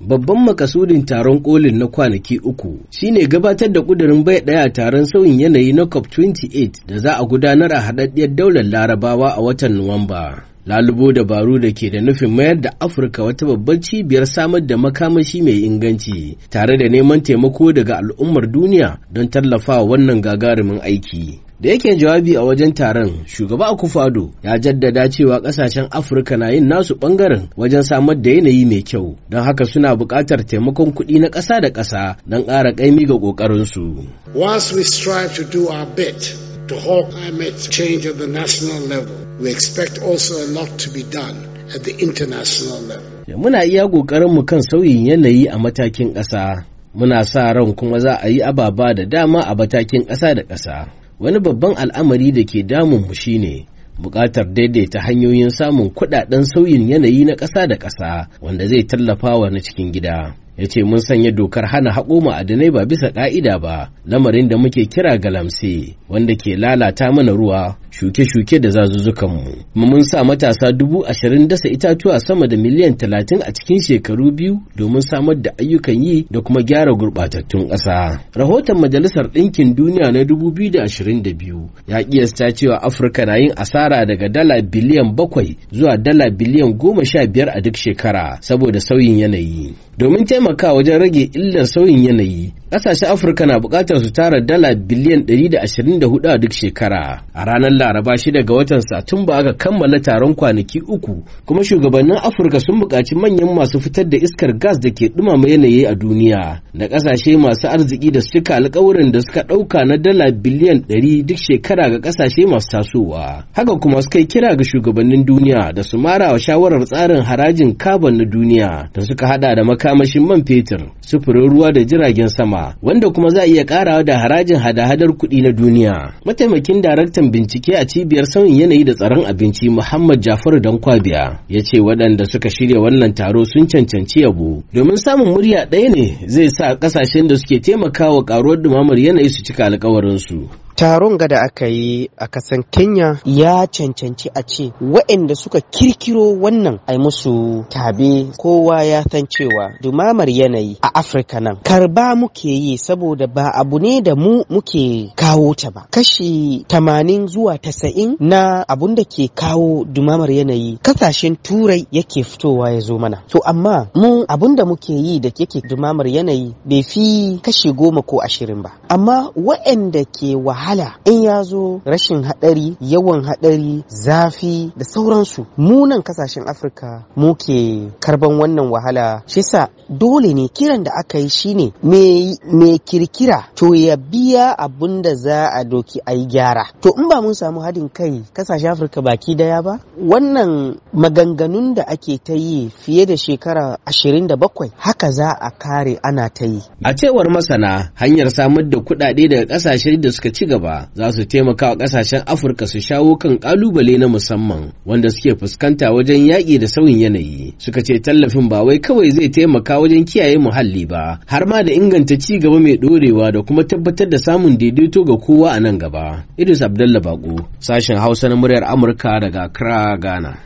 Babban makasudin taron kolin na kwanaki uku shine gabatar da kudirin bai daya taron sauyin yanayi na COP28 da za a gudanar a haɗaɗɗiyar daular larabawa a watan Nuwamba. Lalubo dabaru da ke da nufin mayar da Afirka wata babbar cibiyar samar da makamashi mai inganci tare da neman taimako daga al'ummar duniya don tallafawa wannan gagarumin aiki. da yake jawabi a wajen taron shugaba akufado ya jaddada cewa kasashen afirka na yin nasu bangaren wajen samar da yanayi mai kyau don haka suna buƙatar taimakon kuɗi na ƙasa da ƙasa don ƙara ƙaimi ga ƙoƙarinsu once we strive to do our bit to halt climate change at the national level we expect also a lot to be done at the international level muna iya ƙoƙarinmu kan sauyin yanayi a matakin ƙasa muna sa ran kuma za a yi ababa da dama a matakin ƙasa da ƙasa wani babban al'amari da ke damun mu shine buƙatar daidaita hanyoyin samun kuɗaɗen sauyin yanayi na ƙasa da ƙasa wanda zai tallafa wa na cikin gida ya ce mun sanya dokar hana haƙo ma'adanai ba bisa ƙa'ida ba lamarin da muke kira galamse wanda ke lalata mana ruwa shuke-shuke da mu Mun sa matasa dubu ashirin dasa itatuwa sama da miliyan talatin a cikin shekaru biyu domin samar da ayyukan yi da kuma gyara gurɓatattun ƙasa. Rahoton Majalisar Ɗinkin Duniya na dubu biyu da ashirin da biyu ya ƙiyasta cewa Afirka na yin asara daga dala biliyan bakwai zuwa dala biliyan goma sha biyar a duk shekara saboda sauyin yanayi. domin taimaka wajen rage illar sauyin yanayi Ƙasashen Afirka na buƙatar su tara dala biliyan ɗari 124 a duk shekara. A ranar Laraba shida ga watan Satumba aka kammala taron kwanaki uku, kuma shugabannin Afirka sun buƙaci manyan masu fitar da iskar gas da ke ɗumama yanayi a duniya, da ƙasashe masu arziki da suka alƙawarin da suka ɗauka na dala biliyan ɗari duk shekara ga ƙasashe masu tasowa. Haka kuma suka yi kira ga shugabannin duniya da su mara wa shawarar tsarin harajin kabon na duniya da suka haɗa da makamashin man fetur, sufurin ruwa da jiragen sama. wanda kuma za iya karawa da harajin hada-hadar kuɗi na duniya. Mataimakin daraktan bincike a cibiyar sauyin yanayi da tsaron abinci Muhammad Jafaru Dankwabiya ya ce waɗanda suka shirya wannan taro sun cancanci yabo domin samun murya ɗaya ne zai sa ƙasashen da suke taimakawa ƙaruwar dumamar yanayi su cika su. taron gada aka yi a kasan kenya ya cancanci a ce waɗanda suka kirkiro wannan A musu tabe kowa ya san cewa dumamar yanayi a afirka nan karba muke yi saboda ba abu ne da mu muke kawo ta ba kashi tamanin zuwa tasa'in na abun da ke kawo dumamar yanayi kasashen turai yake fitowa ya zo mana to amma mu abun da muke yi da yake dumamar yanayi bai fi kashi goma ko ashirin ba amma waɗanda ke wahala wahala in ya zo rashin haɗari yawan haɗari zafi da sauransu munan kasashen afirka muke karban wannan wahala shi sa dole ne kiran da aka yi shine me kirkira to ya biya abun da za a doki a yi gyara to in ba mun samu haɗin kai kasashen afirka baki daya ba wannan maganganun da ake ta yi fiye da shekara 27 haka za a kare ana ta yi a cewar masana hanyar samar da kuɗaɗe daga ƙasashe da suka ci gaba gaba za su taimaka wa ƙasashen Afirka su shawo kan ƙalubale na musamman wanda suke fuskanta wajen yaƙi da sauyin yanayi. Suka ce tallafin ba wai kawai zai taimaka wajen kiyaye muhalli ba, har ma da inganta ci gaba mai ɗorewa da kuma tabbatar da samun daidaito ga kowa a nan gaba. Idris Abdullah Bako, sashen Hausa na muryar Amurka daga Accra, Ghana.